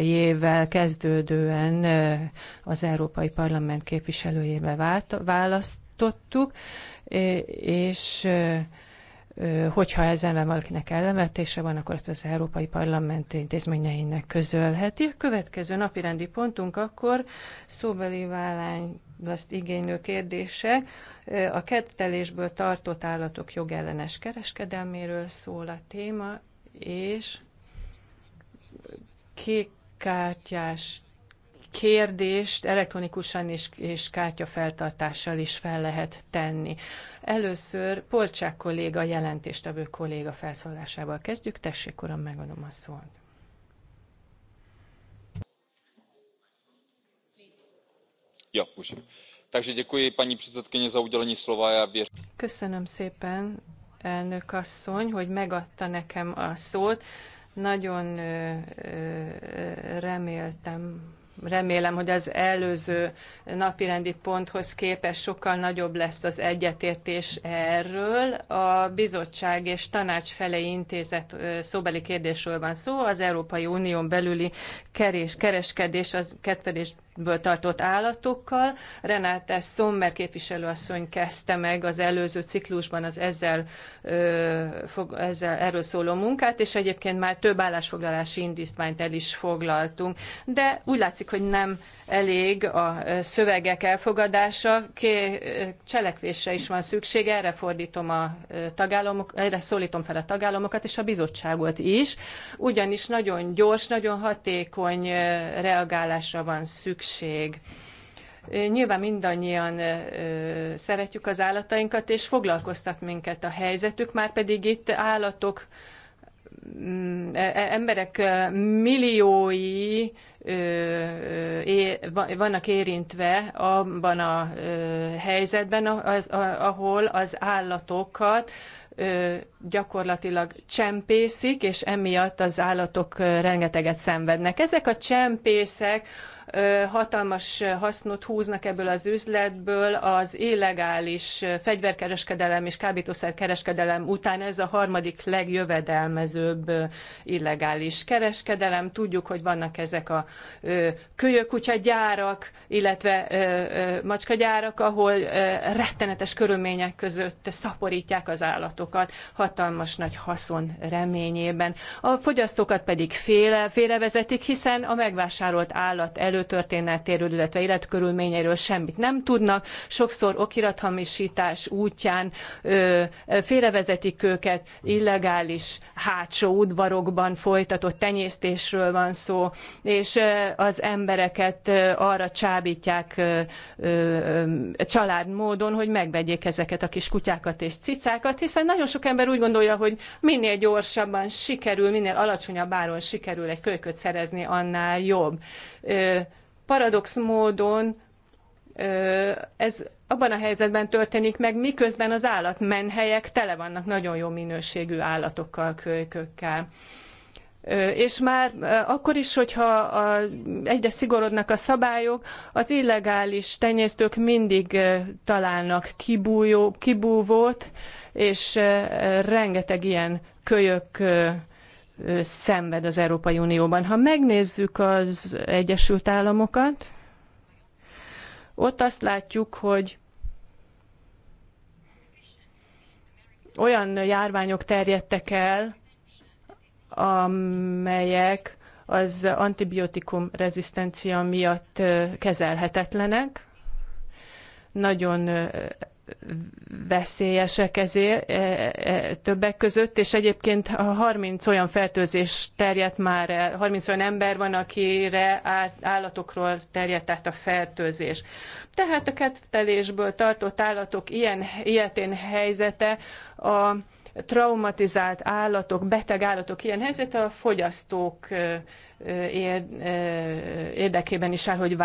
évvel kezdődően az Európai Parlament képviselőjébe választottuk, és hogyha ezen valakinek ellenvetése van, akkor ezt az Európai Parlament intézményeinek közölheti. A következő napi rendi pontunk akkor szóbeli azt igénylő kérdése a kettelésből tartott állatok jogellenes kereskedelméről szól a téma, és kék kártyás kérdést elektronikusan és, és kártyafeltartással is fel lehet tenni. Először Polcsák kolléga, jelentéstevő kolléga felszólásával kezdjük. Tessék, uram, megadom a szót. Ja, musím. Takže děkuji paní předsedkyně za udělení slova. Já věř... Köszönöm szépen, elnök asszony, hogy megadta nekem a szót. Nagyon reméltem, remélem, hogy az előző napirendi ponthoz képest sokkal nagyobb lesz az egyetértés erről. A bizottság és tanács felé intézet szóbeli kérdésről van szó, az Európai Unión belüli kerés, kereskedés, az kettődés ből tartott állatokkal. Renáte Szommer képviselőasszony kezdte meg az előző ciklusban az ezzel, ö, fog, ezzel erről szóló munkát, és egyébként már több állásfoglalási indítványt el is foglaltunk. De úgy látszik, hogy nem elég a szövegek elfogadása, ké, cselekvésre is van szükség, erre fordítom a tagállamok, erre szólítom fel a tagállamokat és a bizottságot is, ugyanis nagyon gyors, nagyon hatékony reagálásra van szükség közösség. Nyilván mindannyian szeretjük az állatainkat, és foglalkoztat minket a helyzetük, már pedig itt állatok, mm, e, e, emberek milliói vannak érintve abban a helyzetben, ahol az állatokat gyakorlatilag csempészik, és emiatt az állatok rengeteget szenvednek. Ezek a csempészek hatalmas hasznot húznak ebből az üzletből, az illegális fegyverkereskedelem és kábítószerkereskedelem után ez a harmadik legjövedelmezőbb illegális kereskedelem. Tudjuk, hogy vannak ezek a gyárak, illetve macskagyárak, ahol rettenetes körülmények között szaporítják az állatokat hatalmas nagy haszon reményében. A fogyasztókat pedig félre, félrevezetik, hiszen a megvásárolt állat elő ő történetéről, illetve életkörülményeiről semmit nem tudnak. Sokszor okirathamisítás útján ö, félrevezetik őket, illegális hátsó udvarokban folytatott tenyésztésről van szó, és az embereket arra csábítják családmódon, hogy megvegyék ezeket a kis kutyákat és cicákat, hiszen nagyon sok ember úgy gondolja, hogy minél gyorsabban sikerül, minél alacsonyabb áron sikerül egy kölyköt szerezni, annál jobb paradox módon ez abban a helyzetben történik meg, miközben az állatmenhelyek tele vannak nagyon jó minőségű állatokkal, kölykökkel. És már akkor is, hogyha a, egyre szigorodnak a szabályok, az illegális tenyésztők mindig találnak kibújó, kibúvót, és rengeteg ilyen kölyök szenved az Európai Unióban. Ha megnézzük az Egyesült Államokat, ott azt látjuk, hogy olyan járványok terjedtek el, amelyek az antibiotikum rezisztencia miatt kezelhetetlenek. Nagyon veszélyesek ezért e, e, többek között, és egyébként 30 olyan fertőzés terjedt már el, 30 olyan ember van, akire állatokról terjedt át a fertőzés. Tehát a kettelésből tartott állatok ilyen, ilyetén helyzete a traumatizált állatok, beteg állatok ilyen helyzete a fogyasztók érdekében is áll, hogy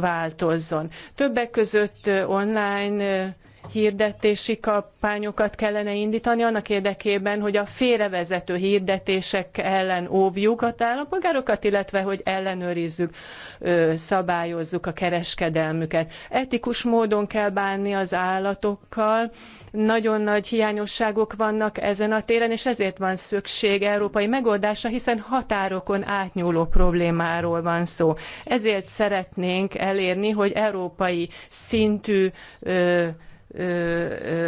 változzon. Többek között online hirdetési kampányokat kellene indítani annak érdekében, hogy a félrevezető hirdetések ellen óvjuk a állampolgárokat, illetve hogy ellenőrizzük, szabályozzuk a kereskedelmüket. Etikus módon kell bánni az állatokkal, nagyon nagy hiányosságok vannak ezen a téren, és ezért van szükség európai megoldásra, hiszen határokon átnyúló problémáról van szó. Ezért szeretnénk elérni, hogy európai szintű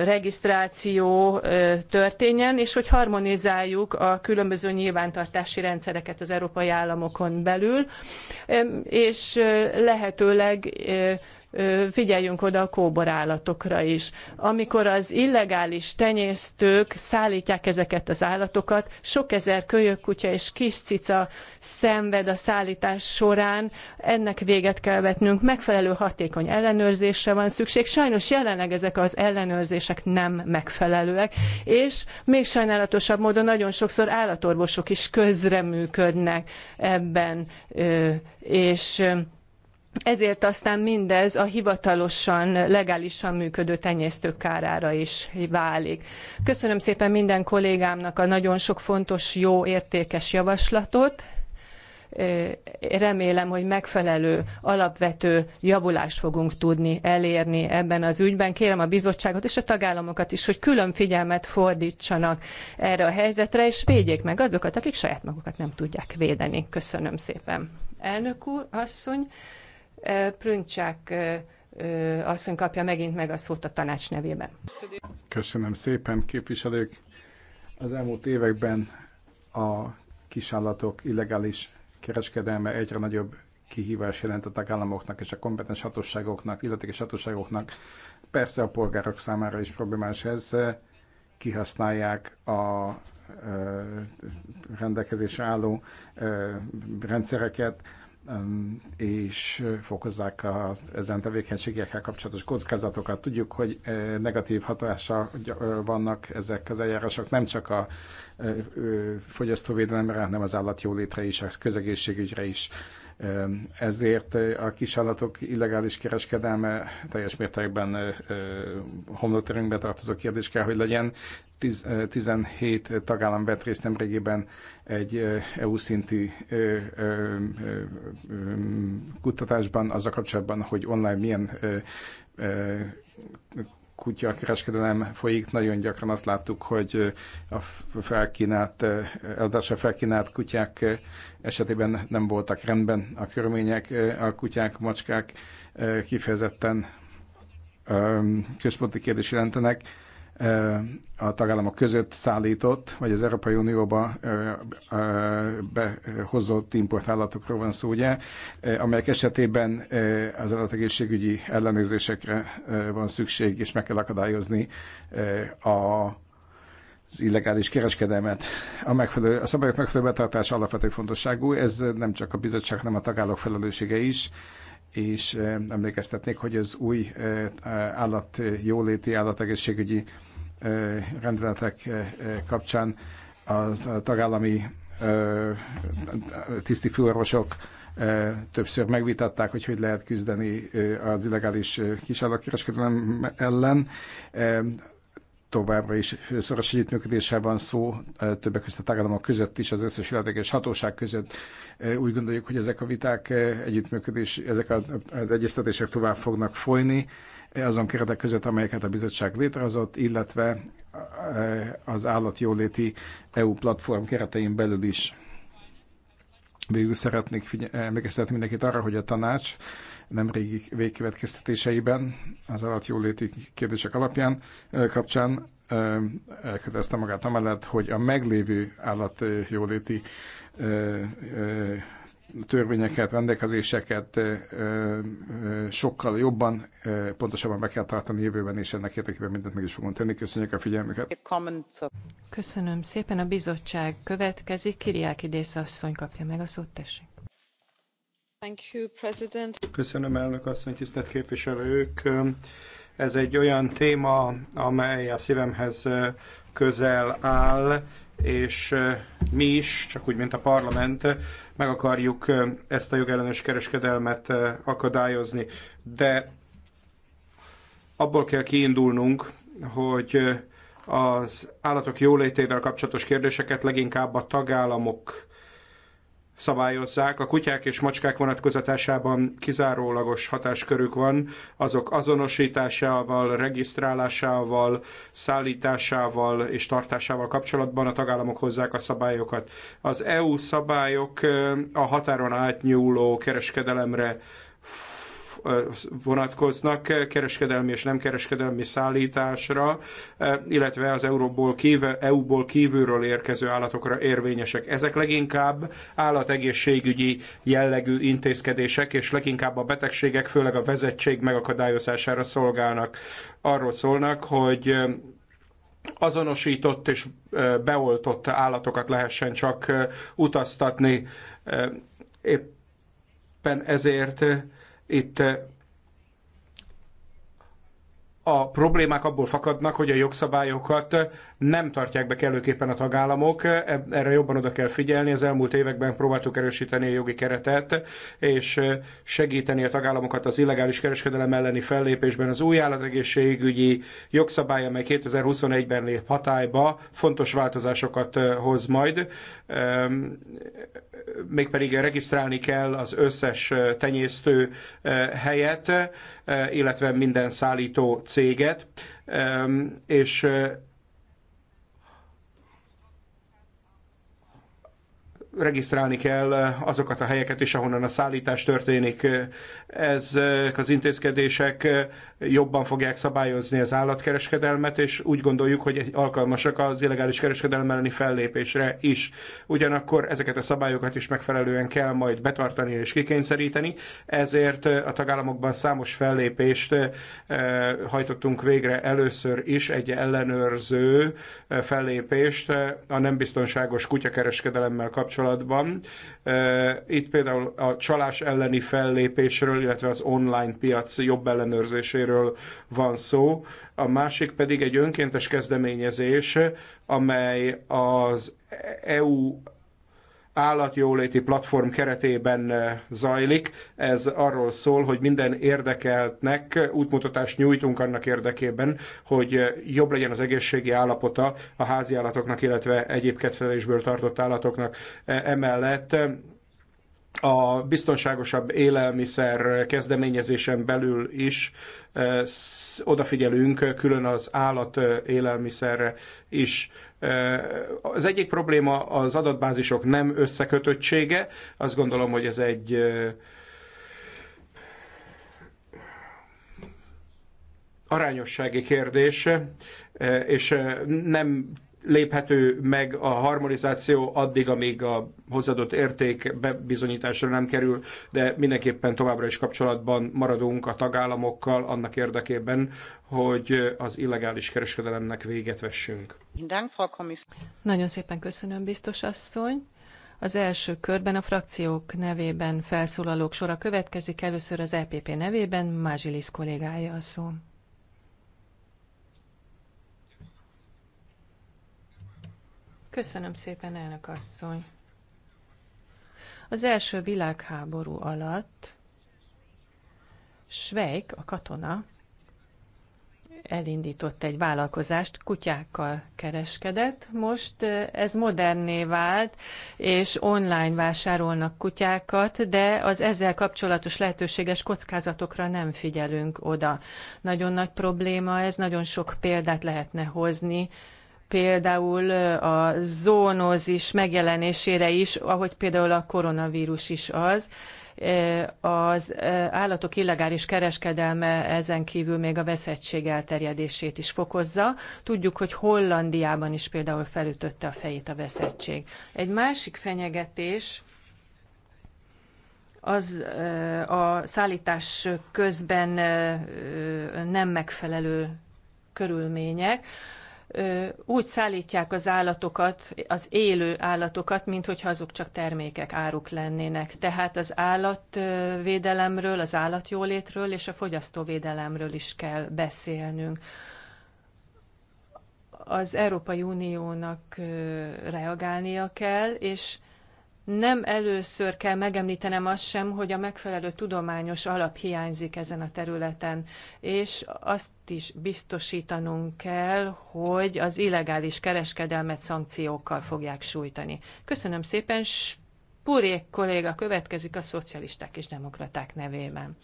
regisztráció történjen, és hogy harmonizáljuk a különböző nyilvántartási rendszereket az európai államokon belül, és lehetőleg figyeljünk oda a kóborállatokra is. Amikor az illegális tenyésztők szállítják ezeket az állatokat, sok ezer kölyök kutya és kis cica szenved a szállítás során, ennek véget kell vetnünk, megfelelő hatékony ellenőrzésre van szükség. Sajnos jelenleg ezek az ellenőrzések nem megfelelőek, és még sajnálatosabb módon nagyon sokszor állatorvosok is közreműködnek ebben, és ezért aztán mindez a hivatalosan, legálisan működő tenyésztők kárára is válik. Köszönöm szépen minden kollégámnak a nagyon sok fontos, jó, értékes javaslatot. Remélem, hogy megfelelő, alapvető javulást fogunk tudni elérni ebben az ügyben. Kérem a bizottságot és a tagállamokat is, hogy külön figyelmet fordítsanak erre a helyzetre, és védjék meg azokat, akik saját magukat nem tudják védeni. Köszönöm szépen. Elnök úr, asszony. Prüncsák asszony kapja megint meg a szót a tanács nevében. Köszönöm szépen, képviselők! Az elmúlt években a kisállatok illegális kereskedelme egyre nagyobb kihívás jelent a tagállamoknak és a kompetens hatóságoknak, illetékes hatóságoknak. Persze a polgárok számára is problémás ez, kihasználják a rendelkezésre álló rendszereket, és fokozzák az ezen tevékenységekkel kapcsolatos kockázatokat. Tudjuk, hogy eh, negatív hatása eh, vannak ezek az eljárások nem csak a eh, fogyasztóvédelemre, hanem az állatjólétre is, a közegészségügyre is. Ezért a kisállatok illegális kereskedelme teljes mértékben homlokterünkbe tartozó kérdés kell, hogy legyen. 17 tagállam vett részt nemrégében egy EU szintű kutatásban az a kapcsolatban, hogy online milyen kutya kereskedelem folyik, nagyon gyakran azt láttuk, hogy a felkínált, eladásra felkínált kutyák esetében nem voltak rendben a körülmények, a kutyák, macskák kifejezetten központi kérdés jelentenek a tagállamok között szállított, vagy az Európai Unióba behozott importállatokról van szó, ugye, amelyek esetében az állategészségügyi ellenőrzésekre van szükség, és meg kell akadályozni a az illegális kereskedelmet. A, megfelelő, a szabályok megfelelő betartása alapvető fontosságú, ez nem csak a bizottság, hanem a tagállamok felelőssége is és emlékeztetnék, hogy az új állatjóléti, állategészségügyi rendeletek kapcsán a tagállami főorvosok többször megvitatták, hogy hogy lehet küzdeni az illegális kisállatkereskedelem ellen. Továbbra is szoros együttműködéssel van szó, többek között a tagállamok között is, az összes illetékes hatóság között. Úgy gondoljuk, hogy ezek a viták együttműködés, ezek az egyeztetések tovább fognak folyni azon keretek között, amelyeket a bizottság létrehozott, illetve eh, az állatjóléti EU platform keretein belül is. Végül szeretnék figy- emlékeztetni mindenkit arra, hogy a tanács nemrégi végkövetkeztetéseiben az állatjóléti kérdések alapján eh, kapcsán eh, elkötelezte magát amellett, hogy a meglévő állatjóléti törvényeket, rendelkezéseket sokkal jobban, pontosabban be kell tartani jövőben, és ennek érdekében mindent meg is fogunk tenni. Köszönjük a figyelmüket. Köszönöm szépen. A bizottság következik. Kiriák idész asszony kapja meg a szót, tessék. Köszönöm, elnök asszony, tisztelt képviselők. Ez egy olyan téma, amely a szívemhez közel áll és mi is, csak úgy, mint a parlament, meg akarjuk ezt a jogellenes kereskedelmet akadályozni. De abból kell kiindulnunk, hogy az állatok jólétével kapcsolatos kérdéseket leginkább a tagállamok szabályozzák. A kutyák és macskák vonatkozatásában kizárólagos hatáskörük van, azok azonosításával, regisztrálásával, szállításával és tartásával kapcsolatban a tagállamok hozzák a szabályokat. Az EU szabályok a határon átnyúló kereskedelemre vonatkoznak kereskedelmi és nem kereskedelmi szállításra, e, illetve az EU-ból kívül, e EU kívülről érkező állatokra érvényesek. Ezek leginkább állategészségügyi jellegű intézkedések, és leginkább a betegségek, főleg a vezettség megakadályozására szolgálnak. Arról szólnak, hogy e, azonosított és beoltott állatokat lehessen csak utaztatni. Éppen ezért itt eh, a problémák abból fakadnak, hogy a jogszabályokat eh, nem tartják be kellőképpen a tagállamok, e- erre jobban oda kell figyelni. Az elmúlt években próbáltuk erősíteni a jogi keretet, és e, segíteni a tagállamokat az illegális kereskedelem elleni fellépésben. Az új állategészségügyi jogszabály, amely 2021-ben lép hatályba, fontos változásokat e, hoz majd. Mégpedig regisztrálni kell az összes tenyésztő helyet, illetve minden szállító céget, és regisztrálni kell azokat a helyeket is, ahonnan a szállítás történik. Ezek az intézkedések jobban fogják szabályozni az állatkereskedelmet, és úgy gondoljuk, hogy alkalmasak az illegális kereskedelem elleni fellépésre is. Ugyanakkor ezeket a szabályokat is megfelelően kell majd betartani és kikényszeríteni, ezért a tagállamokban számos fellépést hajtottunk végre először is egy ellenőrző fellépést a nem biztonságos kutyakereskedelemmel kapcsolatban. Itt például a csalás elleni fellépésről, illetve az online piac jobb ellenőrzéséről részéről van szó, a másik pedig egy önkéntes kezdeményezés, amely az EU állatjóléti platform keretében eh, zajlik. Ez arról szól, hogy minden érdekeltnek útmutatást nyújtunk annak érdekében, hogy jobb legyen az egészségi állapota a háziállatoknak, illetve egyéb kedvelésből tartott állatoknak. Eh, Emellett a biztonságosabb élelmiszer kezdeményezésen belül is eh, odafigyelünk külön az állat eh, élelmiszerre is. Eh, az egyik probléma az adatbázisok nem összekötöttsége. Azt gondolom, hogy ez egy arányossági kérdés, és nem léphető meg a harmonizáció addig, amíg a hozzáadott érték bebizonyításra nem kerül, de mindenképpen továbbra is kapcsolatban maradunk a tagállamokkal annak érdekében, hogy az illegális kereskedelemnek véget vessünk. Nagyon szépen köszönöm, biztos asszony. Az első körben a frakciók nevében felszólalók sora következik, először az EPP nevében Mázsilisz kollégája a szó. Köszönöm szépen, elnök asszony. Az első világháború alatt Svejk, a katona, elindított egy vállalkozást, kutyákkal kereskedett. Most ez moderné vált, és online vásárolnak kutyákat, de az ezzel kapcsolatos lehetőséges kockázatokra nem figyelünk oda. Nagyon nagy probléma ez, nagyon sok példát lehetne hozni például a zónózis megjelenésére is, ahogy például a koronavírus is az. Az állatok illegális kereskedelme ezen kívül még a veszettség elterjedését is fokozza. Tudjuk, hogy Hollandiában is például felütötte a fejét a veszettség. Egy másik fenyegetés, az a szállítás közben nem megfelelő körülmények úgy szállítják az állatokat, az élő állatokat, mint azok csak termékek, áruk lennének. Tehát az állatvédelemről, az állatjólétről és a fogyasztóvédelemről is kell beszélnünk. Az Európai Uniónak reagálnia kell, és nem először kell megemlítenem azt sem, hogy a megfelelő tudományos alap hiányzik ezen a területen, és azt is biztosítanunk kell, hogy az illegális kereskedelmet szankciókkal fogják sújtani. Köszönöm szépen, Spurék kolléga következik a szocialisták és demokraták nevében.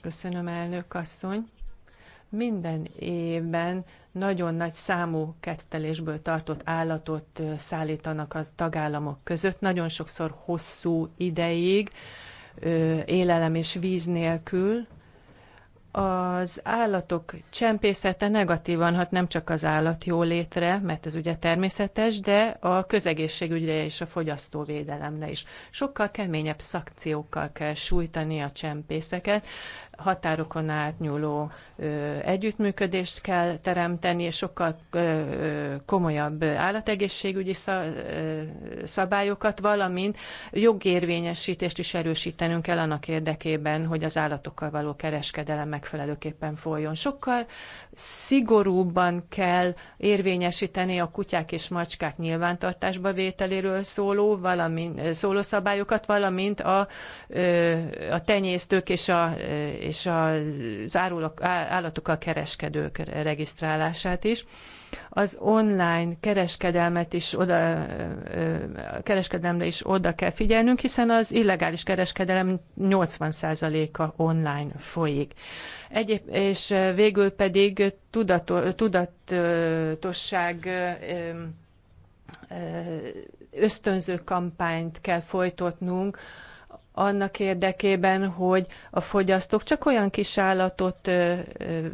Köszönöm, elnök asszony. Minden évben nagyon nagy számú kettelésből tartott állatot szállítanak a tagállamok között, nagyon sokszor hosszú ideig, élelem és víz nélkül. Az állatok csempészete negatívan hat nem csak az állat jólétre, mert ez ugye természetes, de a közegészségügyre és a fogyasztóvédelemre is. Sokkal keményebb szakciókkal kell sújtani a csempészeket, határokon átnyúló együttműködést kell teremteni, és sokkal komolyabb állategészségügyi szabályokat, valamint jogérvényesítést is erősítenünk kell annak érdekében, hogy az állatokkal való kereskedelem megfelelőképpen folyjon. Sokkal szigorúbban kell érvényesíteni a kutyák és macskák nyilvántartásba vételéről szóló, valamint, szóló szabályokat, valamint a, a tenyésztők és a és az árulok, állatokkal kereskedők regisztrálását is. Az online kereskedelmet is oda, kereskedelemre is oda kell figyelnünk, hiszen az illegális kereskedelem 80%-a online folyik. Egyéb, és végül pedig tudato, tudatosság ösztönző kampányt kell folytatnunk, annak érdekében, hogy a fogyasztók csak olyan kis állatot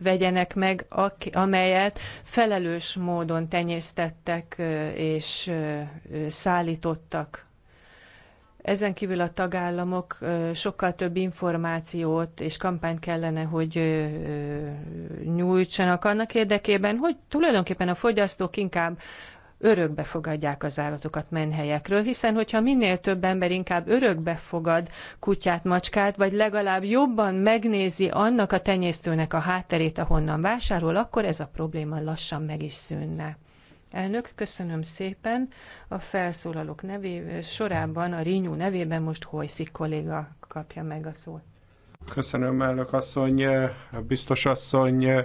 vegyenek meg, amelyet felelős módon tenyésztettek és szállítottak. Ezen kívül a tagállamok sokkal több információt és kampányt kellene, hogy nyújtsanak annak érdekében, hogy tulajdonképpen a fogyasztók inkább örökbe fogadják az állatokat menhelyekről, hiszen hogyha minél több ember inkább örökbe fogad kutyát, macskát, vagy legalább jobban megnézi annak a tenyésztőnek a hátterét, ahonnan vásárol, akkor ez a probléma lassan meg is szűnne. Elnök, köszönöm szépen. A felszólalók nevé, sorában a Rinyú nevében most Hojszik kolléga kapja meg a szót. Köszönöm, elnök asszony, biztos asszony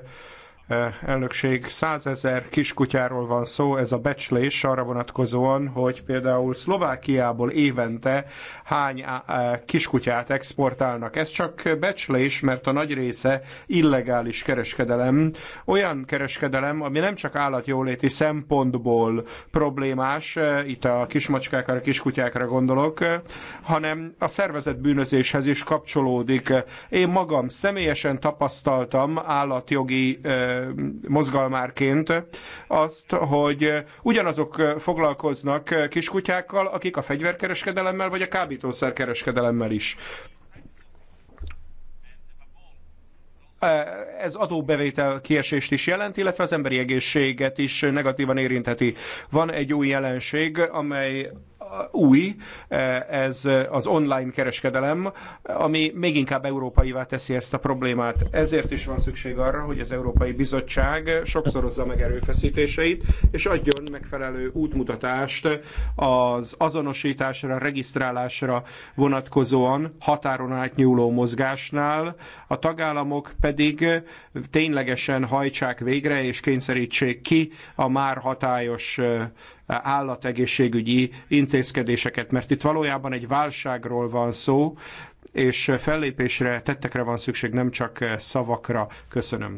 elnökség. Százezer kiskutyáról van szó, ez a becslés arra vonatkozóan, hogy például Szlovákiából évente hány kiskutyát exportálnak. Ez csak becslés, mert a nagy része illegális kereskedelem. Olyan kereskedelem, ami nem csak állatjóléti szempontból problémás, itt a kismacskákra, a kiskutyákra gondolok, hanem a szervezet bűnözéshez is kapcsolódik. Én magam személyesen tapasztaltam állatjogi mozgalmárként azt, hogy ugyanazok foglalkoznak kiskutyákkal, akik a fegyverkereskedelemmel vagy a kábítószerkereskedelemmel is. ez adóbevétel kiesést is jelent, illetve az emberi egészséget is negatívan érintheti. Van egy új jelenség, amely új, e, ez az online kereskedelem, ami még inkább európaivá teszi ezt a problémát. Ezért is van szükség arra, hogy az Európai Bizottság sokszorozza meg erőfeszítéseit, és adjon megfelelő útmutatást az azonosításra, regisztrálásra vonatkozóan határon átnyúló mozgásnál, a tagállamok pedig ténylegesen hajtsák végre és kényszerítsék ki a már hatályos e, állategészségügyi intézkedéseket, mert itt valójában egy válságról van szó, és fellépésre, tettekre van szükség, nem csak szavakra. Köszönöm.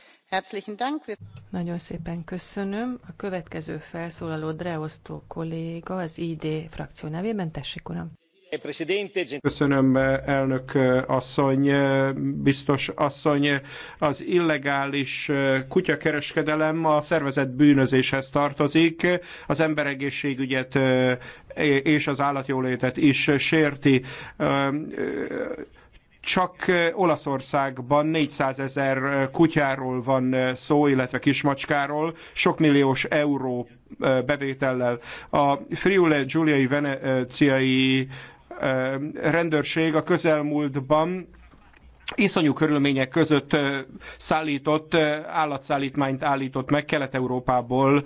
Nagyon szépen köszönöm. A következő felszólaló Dreosztó kolléga az ID frakció nevében. Tessék, uram. Köszönöm, elnök eh, asszony, eh, biztos asszony. Az illegális eh, kutyakereskedelem a szervezet bűnözéshez tartozik, az emberegészségügyet és az állatjólétet is sérti csak Olaszországban 400 ezer kutyáról van szó, illetve kismacskáról, sok milliós euró bevétellel. A Friule Giuliai Veneciai rendőrség a közelmúltban iszonyú körülmények között szállított, állatszállítmányt állított meg, Kelet-Európából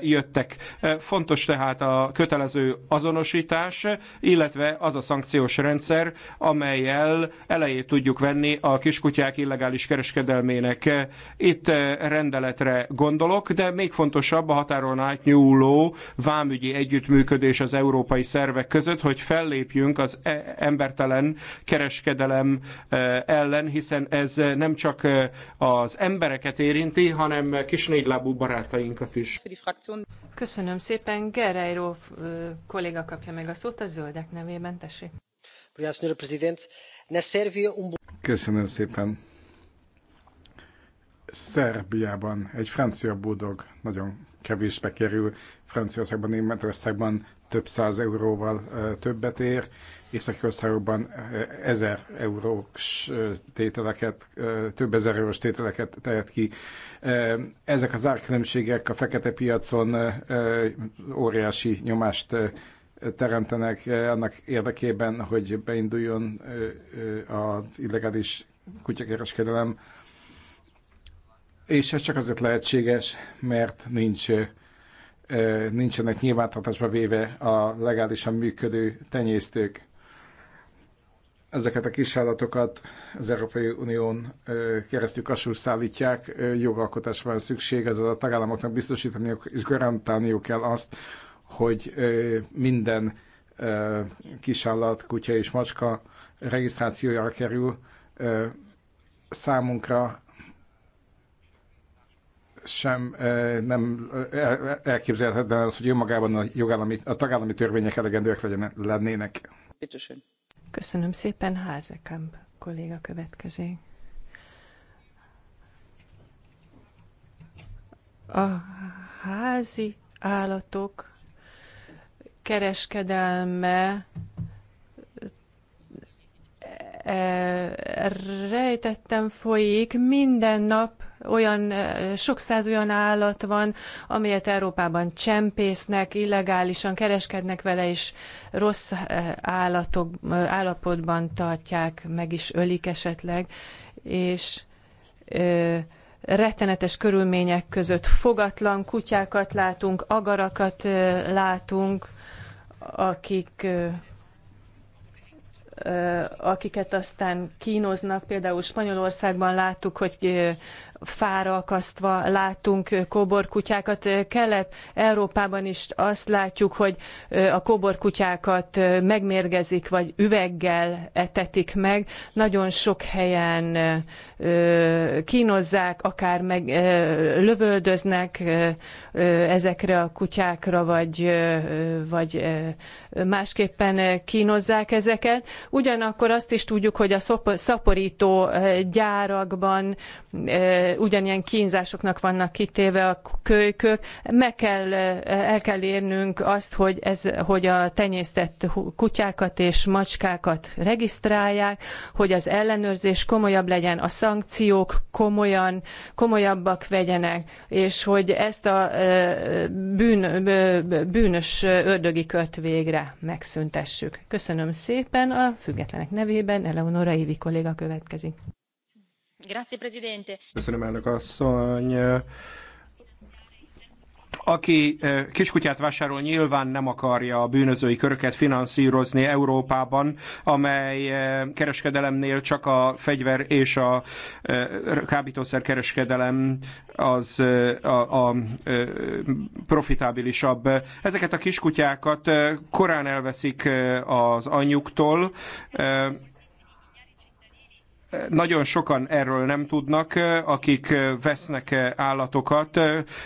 jöttek. Fontos tehát a kötelező azonosítás, illetve az a szankciós rendszer, amelyel elejét tudjuk venni a kiskutyák illegális kereskedelmének. Itt rendeletre gondolok, de még fontosabb a határon átnyúló vámügyi együttműködés az európai szervek között, hogy fellépjünk az e-, embertelen kereskedelem el ellen, hiszen ez eh, nem csak eh, az embereket érinti, hanem kis négylábú barátainkat is. Köszönöm szépen. Guerreiro eh, kolléga kapja meg a szót a zöldek nevében, tessék. Um Köszönöm szépen. Szerbiában egy francia budog nagyon kevésbe kerül, Franciaországban, Németországban több száz euróval többet ér, északi országokban ezer eurós tételeket, több ezer eurós tételeket tehet ki. Ezek az árkülönbségek a fekete piacon óriási nyomást teremtenek annak érdekében, hogy beinduljon az illegális kutyakereskedelem. És ez csak azért lehetséges, mert nincs nincsenek nyilvántartásba véve a legálisan működő tenyésztők. Ezeket a kisállatokat az Európai Unión keresztül kasul szállítják, jogalkotásra van szükség, azaz a tagállamoknak biztosítaniuk és garantálniuk kell azt, hogy minden kisállat, kutya és macska regisztrációjára kerül. Számunkra sem nem elképzelhetetlen az, hogy önmagában a, jogállami, a tagállami törvények elegendőek legyen, lennének. Köszönöm szépen, Házekamp kolléga következik. A házi állatok kereskedelme e, rejtettem folyik, minden nap olyan, sok száz olyan állat van, amelyet Európában csempésznek, illegálisan kereskednek vele, és rossz állatok, állapotban tartják, meg is ölik esetleg, és ö, rettenetes körülmények között fogatlan kutyákat látunk, agarakat ö, látunk, akik ö, akiket aztán kínoznak. Például Spanyolországban láttuk, hogy fára akasztva látunk kóborkutyákat. Kelet-Európában is azt látjuk, hogy a kóborkutyákat megmérgezik, vagy üveggel etetik meg. Nagyon sok helyen kínozzák, akár meg lövöldöznek ezekre a kutyákra, vagy, vagy másképpen kínozzák ezeket. Ugyanakkor azt is tudjuk, hogy a szaporító gyárakban ugyanilyen kínzásoknak vannak kitéve a kölykök. Meg kell, eh, el kell érnünk azt, hogy, ez, hogy a tenyésztett kutyákat és macskákat regisztrálják, hogy az ellenőrzés komolyabb legyen, a szankciók komolyan, komolyabbak vegyenek, és hogy ezt a eh, bűn, eh, bűnös ördögi kört végre megszüntessük. Köszönöm szépen a függetlenek nevében, Eleonora Évi kolléga következik. Köszönöm, elnök asszony. Aki eh, kiskutyát vásárol, nyilván nem akarja a bűnözői köröket finanszírozni Európában, amely eh, kereskedelemnél csak a fegyver és a eh, kábítószer kereskedelem az a, a profitábilisabb. Ezeket a kiskutyákat korán elveszik az anyjuktól, nagyon sokan erről nem tudnak, akik vesznek állatokat,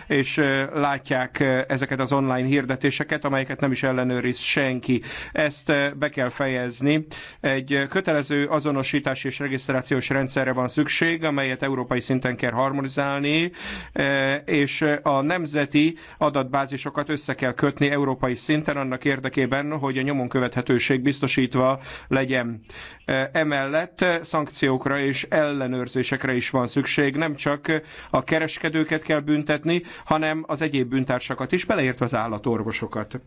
és látják ezeket az online hirdetéseket, amelyeket nem is ellenőriz senki. Ezt be kell fejezni. Egy kötelező azonosítási és regisztrációs rendszerre van szükség, amelyet európai szinten kell harmonizálni, és a nemzeti adatbázisokat össze kell kötni európai szinten annak érdekében, hogy a nyomon követhetőség biztosítva legyen. Emellett szankció szankciókra és ellenőrzésekre is van szükség. Nem csak a kereskedőket kell büntetni, hanem az egyéb bűntársakat is, beleértve az állatorvosokat.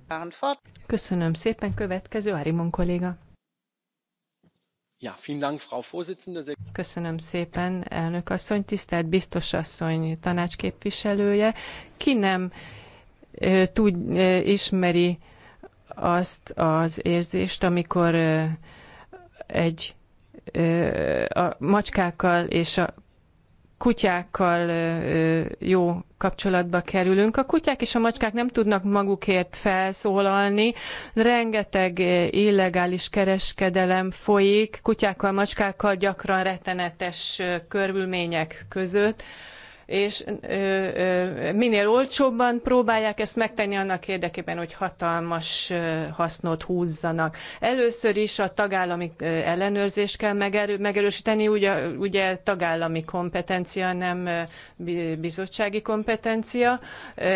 Köszönöm szépen, következő Arimon kolléga. Köszönöm szépen, elnök asszony, tisztelt biztos asszony, tanácsképviselője. Ki nem tud, ismeri azt az érzést, amikor egy a macskákkal és a kutyákkal jó kapcsolatba kerülünk. A kutyák és a macskák nem tudnak magukért felszólalni. Rengeteg illegális kereskedelem folyik, kutyákkal, macskákkal gyakran rettenetes körülmények között és minél olcsóbban próbálják ezt megtenni annak érdekében, hogy hatalmas hasznot húzzanak. Először is a tagállami ellenőrzést kell megerő, megerősíteni, ugye, ugye tagállami kompetencia, nem bizottsági kompetencia.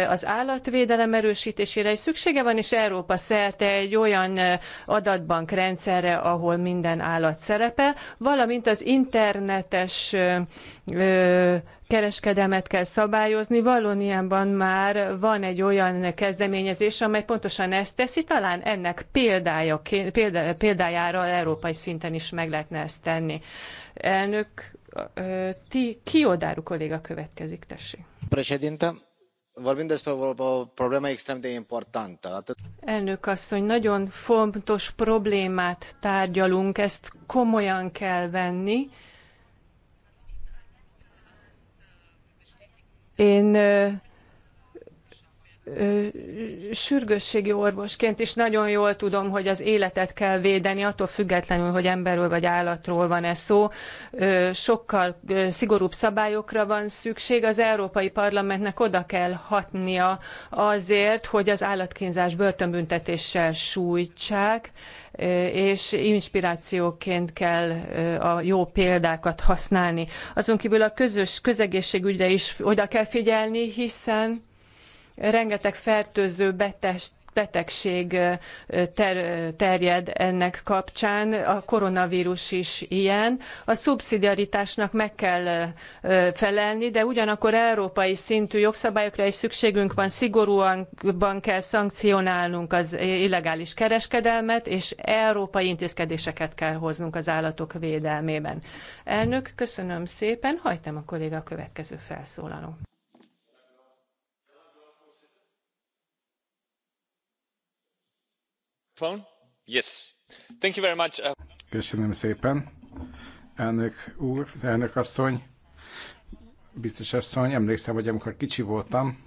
Az állatvédelem erősítésére is szüksége van, és Európa szerte egy olyan adatbankrendszerre, ahol minden állat szerepel, valamint az internetes kereskedelmet kell szabályozni. Valójában már van egy olyan kezdeményezés, amely pontosan ezt teszi, talán ennek példája, példájára európai szinten is meg lehetne ezt tenni. Elnök, ti, Kiodáru kolléga következik, tessék. Președinte, extrem de Elnök asszony, nagyon fontos problémát tárgyalunk, ezt komolyan kell venni Én sürgősségi orvosként is nagyon jól tudom, hogy az életet kell védeni, attól függetlenül, hogy emberről vagy állatról van-e szó. Sokkal szigorúbb szabályokra van szükség. Az Európai Parlamentnek oda kell hatnia azért, hogy az állatkínzás börtönbüntetéssel sújtsák, és inspirációként kell a jó példákat használni. Azon kívül a közös közegészségügyre is oda kell figyelni, hiszen rengeteg fertőző betegség ter, terjed ennek kapcsán, a koronavírus is ilyen. A szubszidiaritásnak meg kell felelni, de ugyanakkor európai szintű jogszabályokra is szükségünk van, szigorúan kell szankcionálnunk az illegális kereskedelmet, és európai intézkedéseket kell hoznunk az állatok védelmében. Elnök, köszönöm szépen, hajtam a kolléga a következő felszólaló. Uh, Köszönöm szépen. Elnök úr, elnök asszony, biztos asszony, emlékszem, hogy amikor kicsi voltam,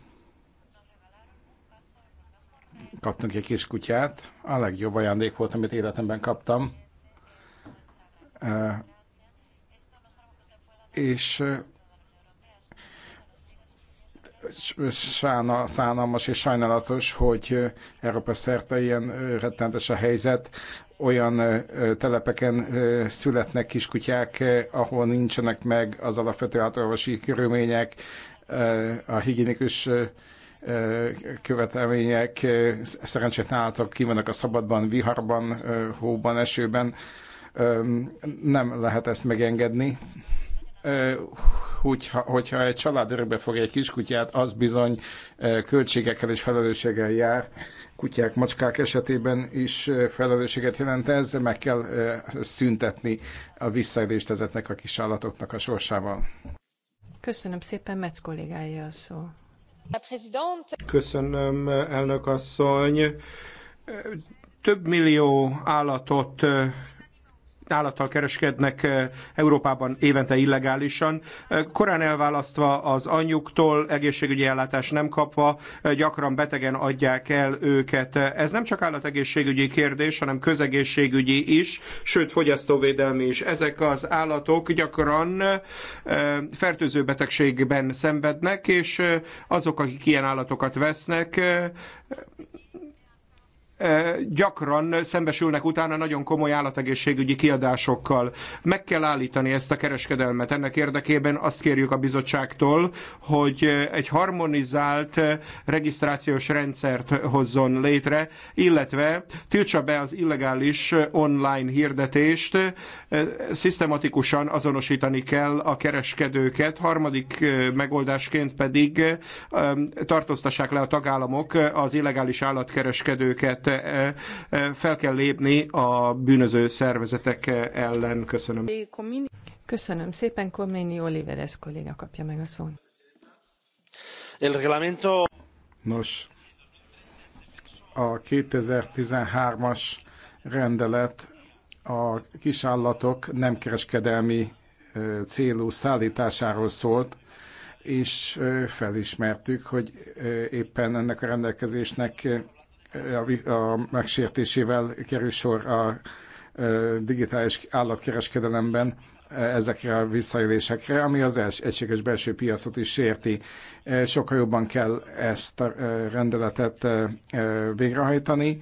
kaptunk egy kis kutyát. A legjobb ajándék volt, amit életemben kaptam. Uh, és uh, sána, szánalmas és sajnálatos, hogy Európa szerte ilyen rettentes a helyzet. Olyan telepeken születnek kiskutyák, ahol nincsenek meg az alapvető átorvosi körülmények, a higiénikus követelmények, szerencsétlen állatok kivannak a szabadban, viharban, hóban, esőben. Nem lehet ezt megengedni hogyha, hogyha egy család örökbe fog egy kiskutyát, az bizony költségekkel és felelősséggel jár. Kutyák, macskák esetében is felelősséget jelent ez, meg kell szüntetni a visszaélést ezeknek a kis állatoknak a sorsával. Köszönöm szépen, Metz kollégája a szó. Köszönöm, elnök asszony. Több millió állatot állattal kereskednek eh, Európában évente illegálisan, eh, korán elválasztva az anyjuktól, egészségügyi ellátást nem kapva, eh, gyakran betegen adják el őket. Ez nem csak állategészségügyi kérdés, hanem közegészségügyi is, sőt fogyasztóvédelmi is. Ezek az állatok gyakran fertőző betegségben szenvednek, és azok, akik ilyen állatokat vesznek, gyakran szembesülnek utána nagyon komoly állategészségügyi kiadásokkal. Meg kell állítani ezt a kereskedelmet. Ennek érdekében azt kérjük a bizottságtól, hogy egy harmonizált regisztrációs rendszert hozzon létre, illetve tiltsa be az illegális online hirdetést, szisztematikusan azonosítani kell a kereskedőket, harmadik megoldásként pedig tartóztassák le a tagállamok az illegális állatkereskedőket fel kell lépni a bűnöző szervezetek ellen. Köszönöm. Köszönöm szépen, Koméni Oliveres kolléga kapja meg a szót. Nos, a 2013-as rendelet a kisállatok nem kereskedelmi célú szállításáról szólt, és felismertük, hogy éppen ennek a rendelkezésnek a megsértésével kerül sor a digitális állatkereskedelemben ezekre a visszaélésekre, ami az egységes belső piacot is sérti. Sokkal jobban kell ezt a rendeletet végrehajtani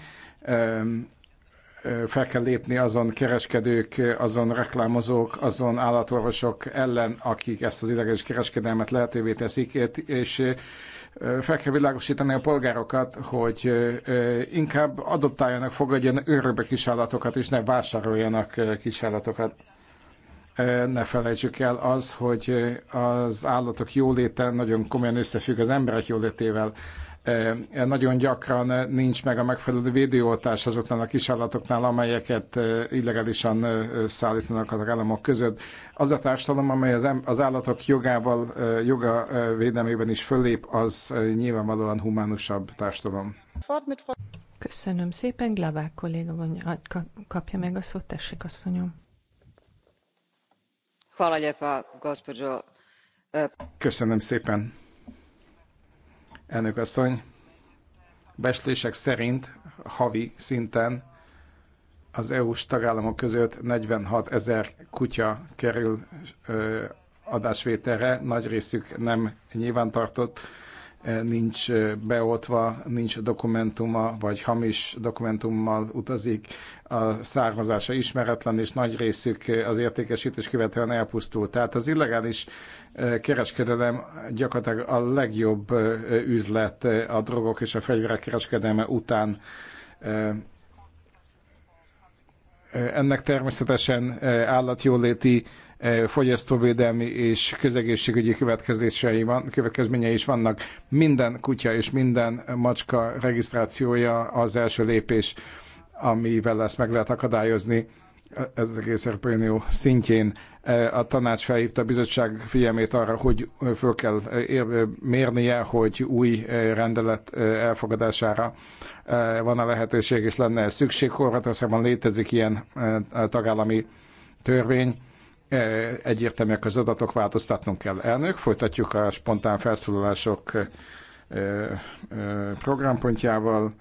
fel kell lépni azon kereskedők, azon reklámozók, azon állatorvosok ellen, akik ezt az ideges kereskedelmet lehetővé teszik, és fel kell világosítani a polgárokat, hogy inkább adoptáljanak, fogadjanak őrökbe kisállatokat, és ne vásároljanak kisállatokat. Ne felejtsük el az, hogy az állatok jóléte nagyon komolyan összefügg az emberek jólétével. Eh, nagyon gyakran eh, nincs meg a megfelelő védőoltás azoknál a kisállatoknál, amelyeket eh, illegálisan szállítanak az államok között. Az a társadalom, amely az állatok jogával, joga védelmében is fölép, az nyilvánvalóan humánusabb társadalom. Köszönöm szépen, Glavák kolléga van, kapja meg a szót, tessék asszonyom. Köszönöm szépen. Elnök asszony, beslések szerint havi szinten az EU-s tagállamok között 46 ezer kutya kerül ö, adásvételre, nagy részük nem nyilvántartott, E, nincs e, beoltva, nincs dokumentuma, vagy hamis dokumentummal utazik, a származása ismeretlen, és nagy részük e, az értékesítés követően elpusztult. Tehát az illegális kereskedelem gyakorlatilag a legjobb üzlet a drogok és a fegyverek kereskedelme után. Ennek természetesen állatjóléti fogyasztóvédelmi és közegészségügyi következései van, következményei is vannak. Minden kutya és minden macska regisztrációja az első lépés, amivel ezt meg lehet akadályozni ez az egész Európai Unió szintjén. A tanács felhívta a bizottság figyelmét arra, hogy föl kell mérnie, hogy új rendelet elfogadására van a lehetőség, és lenne szükség. Horvátországban létezik ilyen tagállami törvény E, egyértelműek az adatok, változtatnunk kell. Elnök, folytatjuk a spontán felszólalások e, e, programpontjával.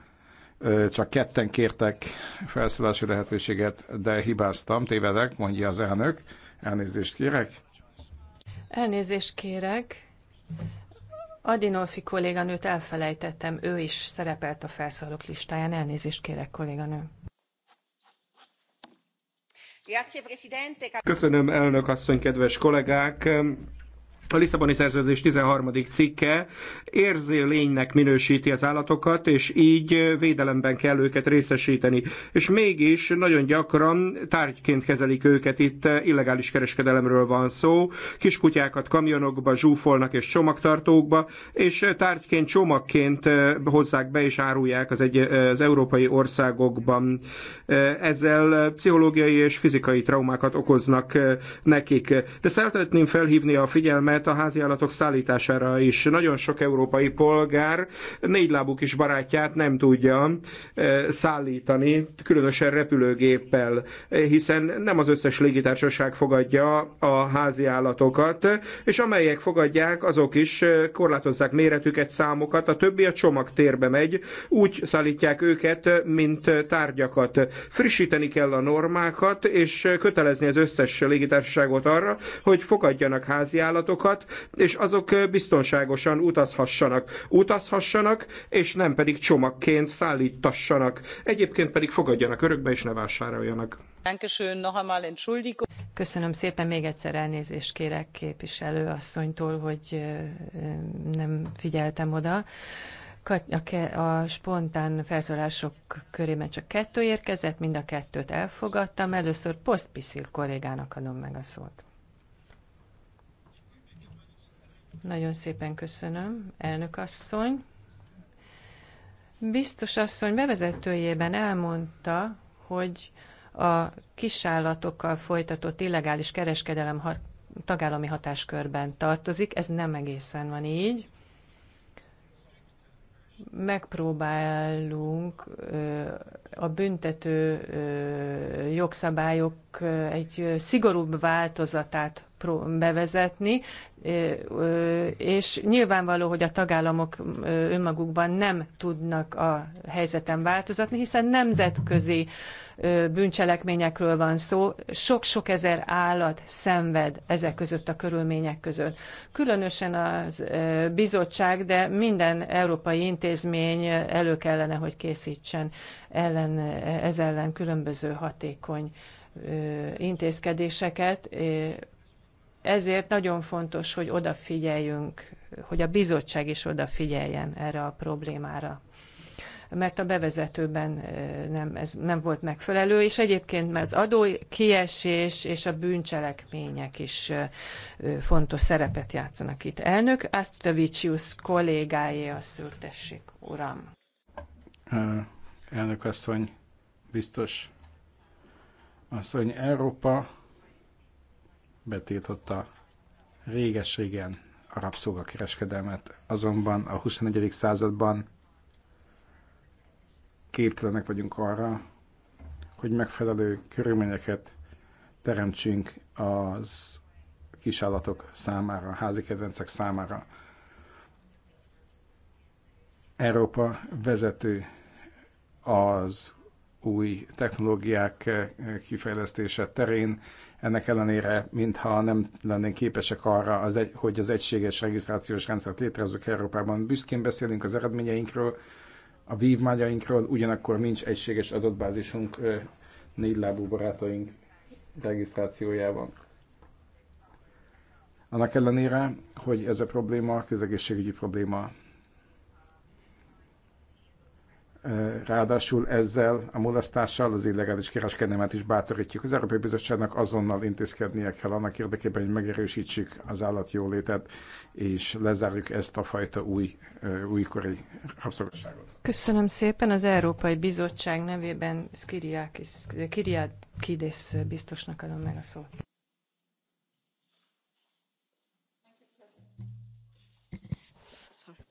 Csak ketten kértek felszólalási lehetőséget, de hibáztam, tévedek, mondja az elnök. Elnézést kérek. Elnézést kérek. Adinolfi kolléganőt elfelejtettem, ő is szerepelt a felszólalók listáján. Elnézést kérek, kolléganő. Köszönöm, elnök asszony, kedves kollégák! a Lisszaboni Szerződés 13. cikke érző lénynek minősíti az állatokat, és így védelemben kell őket részesíteni. És mégis nagyon gyakran tárgyként kezelik őket, itt illegális kereskedelemről van szó, kiskutyákat kamionokba zsúfolnak és csomagtartókba, és tárgyként, csomagként hozzák be és árulják az, egy, az európai országokban. Ezzel pszichológiai és fizikai traumákat okoznak nekik. De szeretném felhívni a figyelmet, figyelmet a háziállatok szállítására is. Nagyon sok európai polgár négylábú kis barátját nem tudja eh, szállítani, különösen repülőgéppel, eh, hiszen nem az összes légitársaság fogadja a háziállatokat, és amelyek fogadják, azok is eh, korlátozzák méretüket, számokat, a többi a csomagtérbe megy, úgy szállítják őket, mint tárgyakat. Frissíteni kell a normákat, és kötelezni az összes légitársaságot arra, hogy fogadjanak háziállatokat, magukat, és azok biztonságosan utazhassanak. Utazhassanak, és nem pedig csomagként szállítassanak. Egyébként pedig fogadjanak örökbe, és ne vásároljanak. Köszönöm szépen, még egyszer elnézést kérek képviselő asszonytól, hogy nem figyeltem oda. A spontán felszólások körében csak kettő érkezett, mind a kettőt elfogadtam. Először Postpiszil kollégának adom meg a szót. Nagyon szépen köszönöm, elnök asszony. Biztos asszony bevezetőjében elmondta, hogy a kisállatokkal folytatott illegális kereskedelem hat, tagállami hatáskörben tartozik. Ez nem egészen van így. Megpróbálunk a büntető jogszabályok egy szigorúbb változatát bevezetni, és nyilvánvaló, hogy a tagállamok önmagukban nem tudnak a helyzeten változatni, hiszen nemzetközi bűncselekményekről van szó, sok-sok ezer állat szenved ezek között a körülmények között. Különösen az bizottság, de minden európai intézmény elő kellene, hogy készítsen ellen, ez ellen különböző hatékony intézkedéseket, ezért nagyon fontos, hogy odafigyeljünk, hogy a bizottság is odafigyeljen erre a problémára mert a bevezetőben nem, ez nem volt megfelelő, és egyébként mert az adó kiesés és a bűncselekmények is fontos szerepet játszanak itt. Elnök Astrovicius kollégáé a szürtessék, uram. Elnök asszony, biztos asszony, Európa betiltotta régességen a rabszolgakereskedelmet, azonban a 21. században képtelenek vagyunk arra, hogy megfelelő körülményeket teremtsünk az kisállatok számára, a házi kedvencek számára. Európa vezető az új technológiák eh, kifejlesztése terén. Ennek ellenére, mintha nem lennénk képesek arra, az egy, hogy az egységes regisztrációs rendszert létrehozunk Európában. Büszkén beszélünk az eredményeinkről, a vívmányainkról, ugyanakkor nincs egységes adatbázisunk eh, lábú barátaink regisztrációjában. Annak ellenére, hogy ez a probléma közegészségügyi probléma Ráadásul ezzel a mulasztással az illegális kereskedelmet is bátorítjuk. Az Európai Bizottságnak azonnal intézkednie kell annak érdekében, hogy megerősítsük az állatjólétet, és lezárjuk ezt a fajta új, újkori rabszolgasságot. Köszönöm szépen. Az Európai Bizottság nevében Kidész biztosnak adom meg a szót.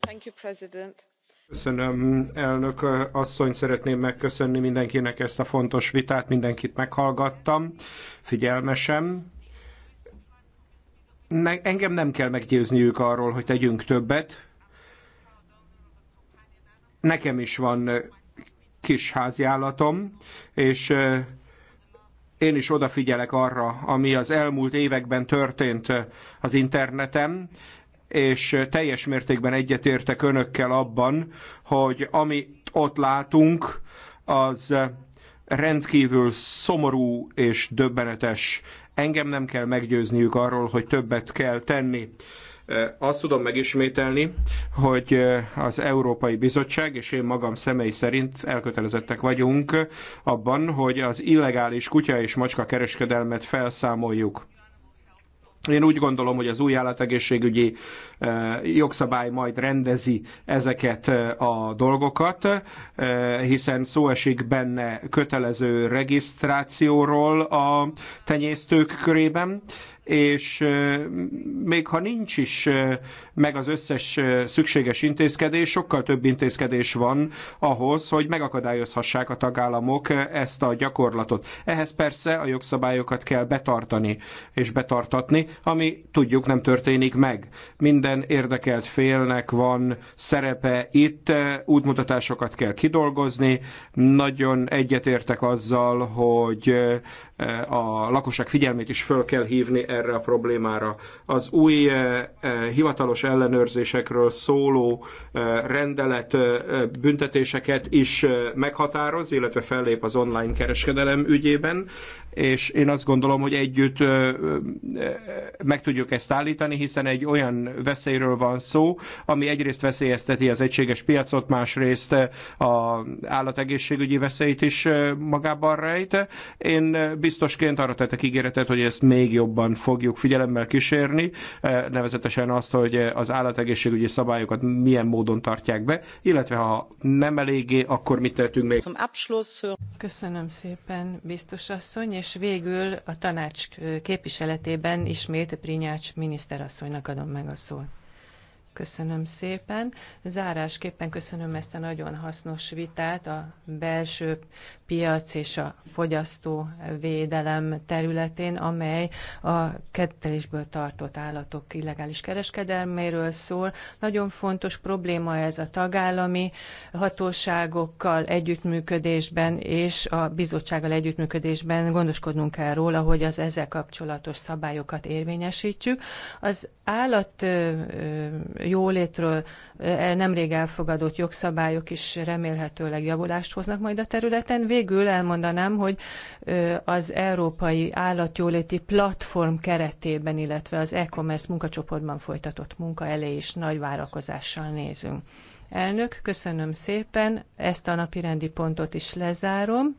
Thank you, President Köszönöm, elnök asszony, szeretném megköszönni mindenkinek ezt a fontos vitát, mindenkit meghallgattam figyelmesen. Ne, engem nem kell meggyőzniük arról, hogy tegyünk többet. Nekem is van kis háziállatom, és én is odafigyelek arra, ami az elmúlt években történt az interneten, és teljes mértékben egyetértek önökkel abban, hogy amit ott látunk, az rendkívül szomorú és döbbenetes. Engem nem kell meggyőzniük arról, hogy többet kell tenni. Azt tudom megismételni, hogy az Európai Bizottság és én magam személy szerint elkötelezettek vagyunk abban, hogy az illegális kutya és macska kereskedelmet felszámoljuk én úgy gondolom, hogy az új állategészségügyi eh, jogszabály majd rendezi ezeket eh, a dolgokat, eh, hiszen szó esik benne kötelező regisztrációról a tenyésztők körében, és még ha nincs is meg az összes szükséges intézkedés, sokkal több intézkedés van ahhoz, hogy megakadályozhassák a tagállamok ezt a gyakorlatot. Ehhez persze a jogszabályokat kell betartani és betartatni, ami tudjuk nem történik meg. Minden érdekelt félnek van szerepe itt, útmutatásokat kell kidolgozni, nagyon egyetértek azzal, hogy a lakosság figyelmét is föl kell hívni erre a problémára. Az új hivatalos ellenőrzésekről szóló eh, rendelet eh, büntetéseket is eh, meghatároz, illetve fellép az online kereskedelem ügyében, és én azt gondolom, hogy együtt meg tudjuk ezt állítani, hiszen egy olyan veszélyről van szó, ami egyrészt veszélyezteti az egységes piacot, másrészt az állategészségügyi veszélyt is magában rejt. Én biztosként arra tettek ígéretet, hogy ezt még jobban fogjuk figyelemmel kísérni, nevezetesen azt, hogy az állategészségügyi szabályokat milyen módon tartják be, illetve ha nem eléggé, akkor mit tehetünk még. Köszönöm szépen, biztos asszony, és végül a tanács képviseletében ismét Prinyács miniszterasszonynak adom meg a szót. Köszönöm szépen. Zárásképpen köszönöm ezt a nagyon hasznos vitát a belső piac és a fogyasztó védelem területén, amely a kettelésből tartott állatok illegális kereskedelméről szól. Nagyon fontos probléma ez a tagállami hatóságokkal együttműködésben és a bizottsággal együttműködésben gondoskodnunk kell róla, hogy az ezzel kapcsolatos szabályokat érvényesítsük. Az állat jólétről nemrég elfogadott jogszabályok is remélhetőleg javulást hoznak majd a területen. Végül elmondanám, hogy az Európai Állatjóléti Platform keretében, illetve az e-commerce munkacsoportban folytatott munka elé is nagy várakozással nézünk. Elnök, köszönöm szépen, ezt a napi rendi pontot is lezárom.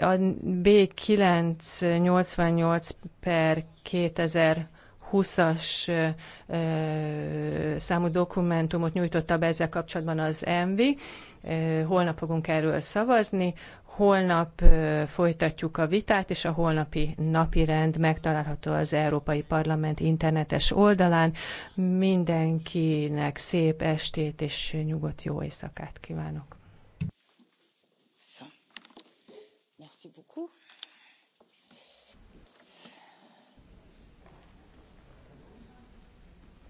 A B988 per 2000 20-as számú dokumentumot nyújtotta be ezzel kapcsolatban az ENVI. Holnap fogunk erről szavazni, holnap folytatjuk a vitát, és a holnapi napi rend megtalálható az Európai Parlament internetes oldalán. Mindenkinek szép estét és nyugodt jó éjszakát kívánok!